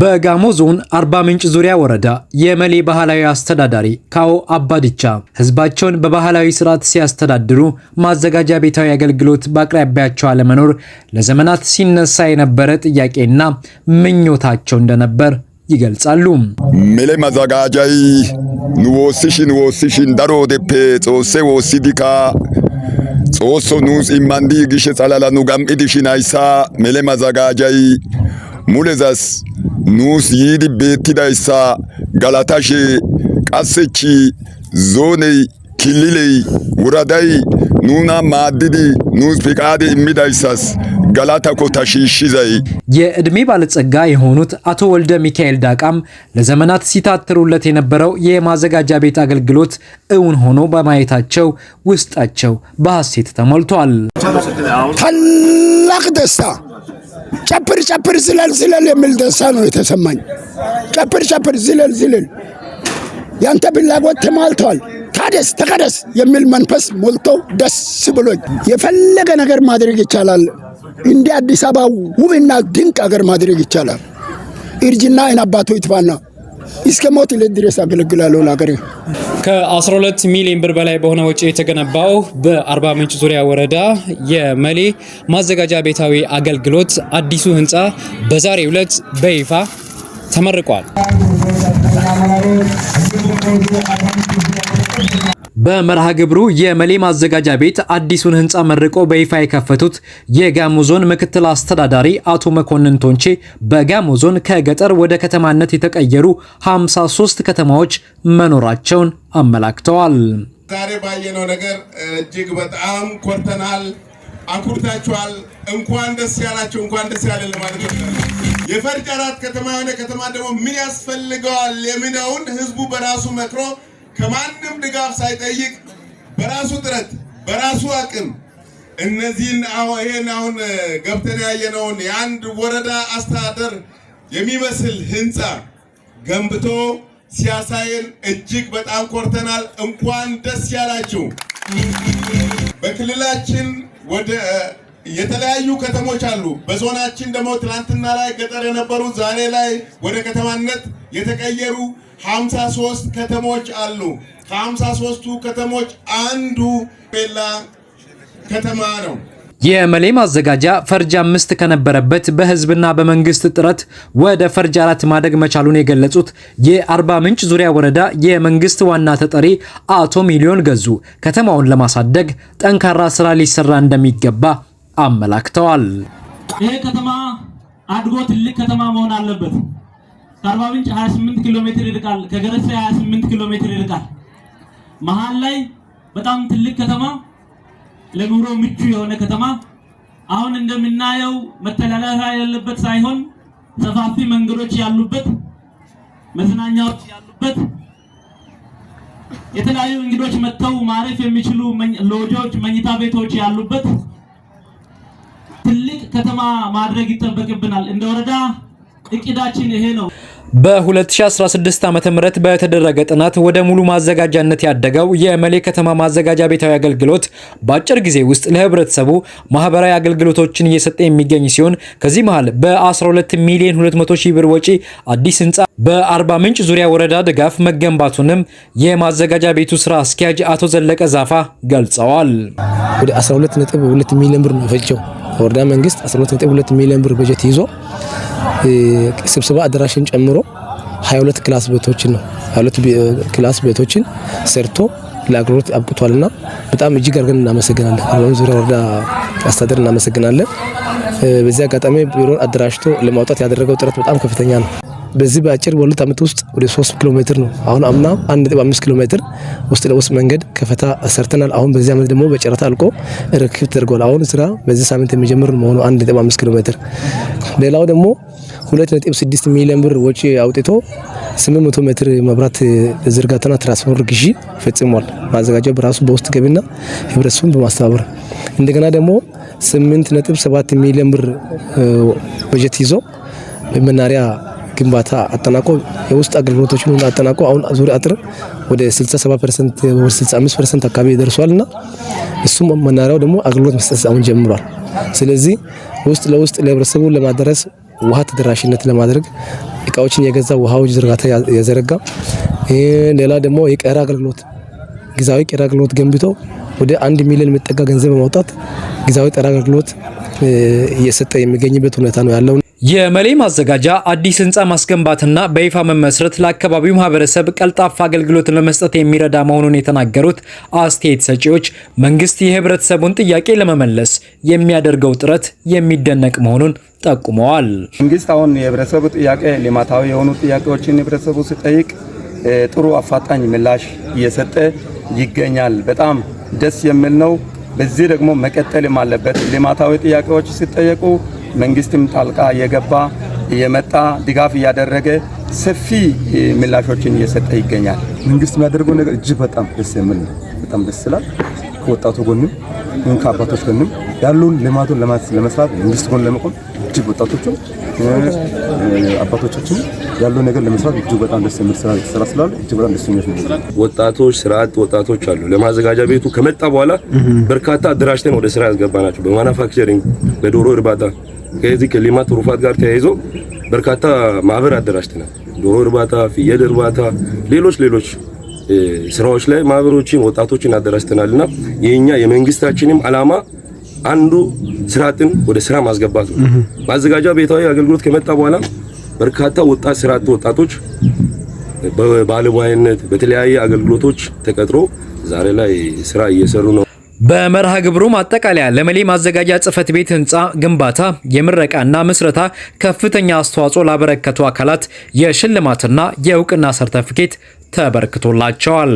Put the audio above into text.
በጋሞ ዞን አርባ ምንጭ ዙሪያ ወረዳ የመሌ ባህላዊ አስተዳዳሪ ካዎ አባድቻ ህዝባቸውን በባህላዊ ስርዓት ሲያስተዳድሩ ማዘጋጃ ቤታዊ አገልግሎት በአቅራቢያቸው አለመኖር ለዘመናት ሲነሳ የነበረ ጥያቄና ምኞታቸው እንደነበር ይገልጻሉ። ሜሌ ማዘጋጃይ ንወስሽን ወስሽን ዳሮዴፔ ጾሴ ወሲዲካ ጾሶ ኑስ ኢማንዲ ግሽ ጸላላ ኑጋም ኢድሽን አይሳ ሜሌ ማዘጋጃይ ሙሌዛስ nuus yiidi beettidayssa galatashe qassech zooney kililey wuraday nuna maaddidi nuus ፍቃድ immidayssas galata ኮታ shiishshizay የዕድሜ ባለጸጋ የሆኑት አቶ ወልደ ሚካኤል ዳቃም ለዘመናት ሲታተሩለት የነበረው የማዘጋጃ ቤት አገልግሎት እውን ሆኖ በማየታቸው ውስጣቸው በሐሴት ተሞልቷል። ታላቅ ደስታ ጨፕር ጨፕር ዝለል ዝለል የሚል ደስታ ነው የተሰማኝ። ጨፕር ጨፕር ዝለል ዝለል ያንተ ፍላጎት ተሟልተዋል ታደስ ተቀደስ የሚል መንፈስ ሞልቶ ደስ ብሎኝ የፈለገ ነገር ማድረግ ይቻላል። እንደ አዲስ አበባ ውብና ድንቅ አገር ማድረግ ይቻላል። እርጅና አይን አባቶ ይትባና እስከ ሞት ለት ድረስ አገለግላለሁ ለሀገሬ። ከ12 ሚሊዮን ብር በላይ በሆነ ወጪ የተገነባው በአርባ ምንጭ ዙሪያ ወረዳ የመሌ ማዘጋጃ ቤታዊ አገልግሎት አዲሱ ህንፃ በዛሬው ዕለት በይፋ ተመርቋል። በመርሃ ግብሩ የመሌ ማዘጋጃ ቤት አዲሱን ህንፃ መርቆ በይፋ የከፈቱት የጋሞ ዞን ምክትል አስተዳዳሪ አቶ መኮንን ቶንቼ በጋሞ ዞን ከገጠር ወደ ከተማነት የተቀየሩ 53 ከተማዎች መኖራቸውን አመላክተዋል። ዛሬ ባየነው ነገር እጅግ በጣም ኮርተናል። አኩርታችኋል። እንኳን ደስ ያላችሁ፣ እንኳን ደስ ያለ ለማለት የፈርጅ አራት ከተማ የሆነ ከተማ ደግሞ ምን ያስፈልገዋል የሚለውን ህዝቡ በራሱ መክሮ ከማንም ድጋፍ ሳይጠይቅ በራሱ ጥረት በራሱ አቅም እነዚህን ይሄን አሁን ገብተን ያየነውን የአንድ ወረዳ አስተዳደር የሚመስል ህንፃ ገንብቶ ሲያሳየን እጅግ በጣም ኮርተናል። እንኳን ደስ ያላችሁ። በክልላችን ወደ የተለያዩ ከተሞች አሉ። በዞናችን ደግሞ ትናንትና ላይ ገጠር የነበሩ ዛሬ ላይ ወደ ከተማነት የተቀየሩ 53 ከተሞች አሉ። ከ53ቱ ከተሞች አንዱ ቤላ ከተማ ነው። የመሌ ማዘጋጃ ፈርጅ አምስት ከነበረበት በህዝብና በመንግስት ጥረት ወደ ፈርጅ አራት ማደግ መቻሉን የገለጹት የአርባ ምንጭ ዙሪያ ወረዳ የመንግስት ዋና ተጠሪ አቶ ሚሊዮን ገዙ ከተማውን ለማሳደግ ጠንካራ ስራ ሊሰራ እንደሚገባ አመላክተዋል። ይሄ ከተማ አድጎ ትልቅ ከተማ መሆን አለበት። ከአርባ ምንጭ 28 ኪሎ ሜትር ይርቃል። ከገረሴ 28 ኪሎ ሜትር ይርቃል። መሀል ላይ በጣም ትልቅ ከተማ፣ ለኑሮ ምቹ የሆነ ከተማ አሁን እንደምናየው መተላለፊያ ያለበት ሳይሆን ሰፋፊ መንገዶች ያሉበት፣ መዝናኛዎች ያሉበት፣ የተለያዩ እንግዶች መጥተው ማረፍ የሚችሉ ሎጆች፣ መኝታ ቤቶች ያሉበት ትልቅ ከተማ ማድረግ ይጠበቅብናል። እንደ ወረዳ እቅዳችን ይሄ ነው። በ2016 ዓ ም በተደረገ ጥናት ወደ ሙሉ ማዘጋጃነት ያደገው የመሌ ከተማ ማዘጋጃ ቤታዊ አገልግሎት በአጭር ጊዜ ውስጥ ለህብረተሰቡ ማህበራዊ አገልግሎቶችን እየሰጠ የሚገኝ ሲሆን ከዚህ መሃል በ12 ሚሊዮን 200 ሺህ ብር ወጪ አዲስ ህንፃ በአርባ ምንጭ ዙሪያ ወረዳ ድጋፍ መገንባቱንም የማዘጋጃ ቤቱ ስራ አስኪያጅ አቶ ዘለቀ ዛፋ ገልጸዋል። ወደ 12.2 ሚሊዮን ብር ነው ፈጀው ወረዳ መንግስት 12.2 ሚሊዮን ብር በጀት ይዞ ስብሰባ አዳራሽን ጨምሮ 22 ክላስ ቤቶችን ነው 22 ክላስ ቤቶችን ሰርቶ ለአገልግሎት አብቅቷልና በጣም እጅግ አድርገን እናመሰግናለን። አሁን ዙሪያ ወረዳ አስተዳደር እናመሰግናለን። በዚህ አጋጣሚ ቢሮን አደራጅቶ ለማውጣት ያደረገው ጥረት በጣም ከፍተኛ ነው። በዚህ በአጭር በሁለት ዓመት ውስጥ ወደ 3 ኪሎ ሜትር ነው። አሁን አምና 1.5 ኪሎ ሜትር ውስጥ ለውስጥ መንገድ ከፈታ ሰርተናል። አሁን በዚህ ዓመት ደግሞ በጨረታ አልቆ ርክክብ ተደርጓል። አሁን ስራ በዚህ ሳምንት የሚጀምር መሆኑ 1.5 ኪሎ ሜትር። ሌላው ደግሞ 2.6 ሚሊዮን ብር ወጪ አውጥቶ 800 ሜትር መብራት ዝርጋታና ትራንስፎርመር ግዢ ፈጽሟል። ማዘጋጃው በራሱ በውስጥ ገቢና ህብረተሰቡን በማስተባበር እንደገና ደግሞ 8.7 ሚሊዮን ብር በጀት ይዞ በመናሪያ ግንባታ አጠናቆ የውስጥ አገልግሎቶችን ሁሉ አጠናቆ አሁን ዙሪያ አጥር ወደ 67 ፐርሰንት ወደ 65 ፐርሰንት አካባቢ ደርሷል እና እሱም መናሪያው ደግሞ አገልግሎት መስጠት አሁን ጀምሯል። ስለዚህ ውስጥ ለውስጥ ለህብረተሰቡ ለማድረስ ውሃ ተደራሽነት ለማድረግ እቃዎችን የገዛ ውሃዎች ዝርጋታ ያዘረጋ ሌላ ደግሞ የቀረ አገልግሎት ጊዜያዊ ቀረ አገልግሎት ገንብቶ ወደ አንድ ሚሊዮን የሚጠጋ ገንዘብ በማውጣት ጊዜያዊ ቀረ አገልግሎት እየሰጠ የሚገኝበት ሁኔታ ነው ያለው። የመሌ ማዘጋጃ አዲስ ህንፃ ማስገንባትና በይፋ መመስረት ለአካባቢው ማህበረሰብ ቀልጣፋ አገልግሎት ለመስጠት የሚረዳ መሆኑን የተናገሩት አስተያየት ሰጪዎች መንግስት የህብረተሰቡን ጥያቄ ለመመለስ የሚያደርገው ጥረት የሚደነቅ መሆኑን ጠቁመዋል። መንግስት አሁን የህብረተሰቡ ጥያቄ ልማታዊ የሆኑ ጥያቄዎችን ህብረተሰቡ ሲጠይቅ ጥሩ አፋጣኝ ምላሽ እየሰጠ ይገኛል። በጣም ደስ የሚል ነው። በዚህ ደግሞ መቀጠልም አለበት። ልማታዊ ጥያቄዎች ሲጠየቁ መንግስትም ጣልቃ እየገባ እየመጣ ድጋፍ እያደረገ ሰፊ ምላሾችን እየሰጠ ይገኛል። መንግስት የሚያደርገው ነገር እጅግ በጣም ደስ የሚል ነው። በጣም ደስ ይላል። ከወጣቱ ጎንም ይሁን ከአባቶች ጎንም ያሉን ልማቱን ለመስራት መንግስት ጎን ለመቆም እጅግ ወጣቶችም አባቶቻችን ያሉ ነገር ለመስራት እጅግ በጣም ደስ የሚል ስራ ስራ ስላሉ እጅግ በጣም ደስተኞች ነው። ወጣቶች ስራ አጥ ወጣቶች አሉ። ለማዘጋጃ ቤቱ ከመጣ በኋላ በርካታ አደራጅተን ወደ ስራ ናቸው። በማናፋክቸሪንግ፣ በዶሮ እርባታ ከዚህ ከሌማት ትሩፋት ጋር ተያይዞ በርካታ ማህበር አደራጅተናል። ዶሮ እርባታ፣ ፍየል እርባታ፣ ሌሎች ሌሎች ስራዎች ላይ ማህበሮችን፣ ወጣቶችን አደራጅተናልና የኛ የመንግስታችንም አላማ አንዱ ስርዓትን ወደ ስራ ማስገባት ነው። ማዘጋጃ ቤታዊ አገልግሎት ከመጣ በኋላ በርካታ ወጣት ስራ ወጣቶች በባለሙያነት በተለያየ አገልግሎቶች ተቀጥሮ ዛሬ ላይ ስራ እየሰሩ ነው። በመርሃ ግብሩ ማጠቃለያ ለመሌ ማዘጋጃ ጽፈት ቤት ህንፃ ግንባታ የምረቃና ምስረታ ከፍተኛ አስተዋጽኦ ላበረከቱ አካላት የሽልማትና የእውቅና ሰርተፍኬት ተበርክቶላቸዋል።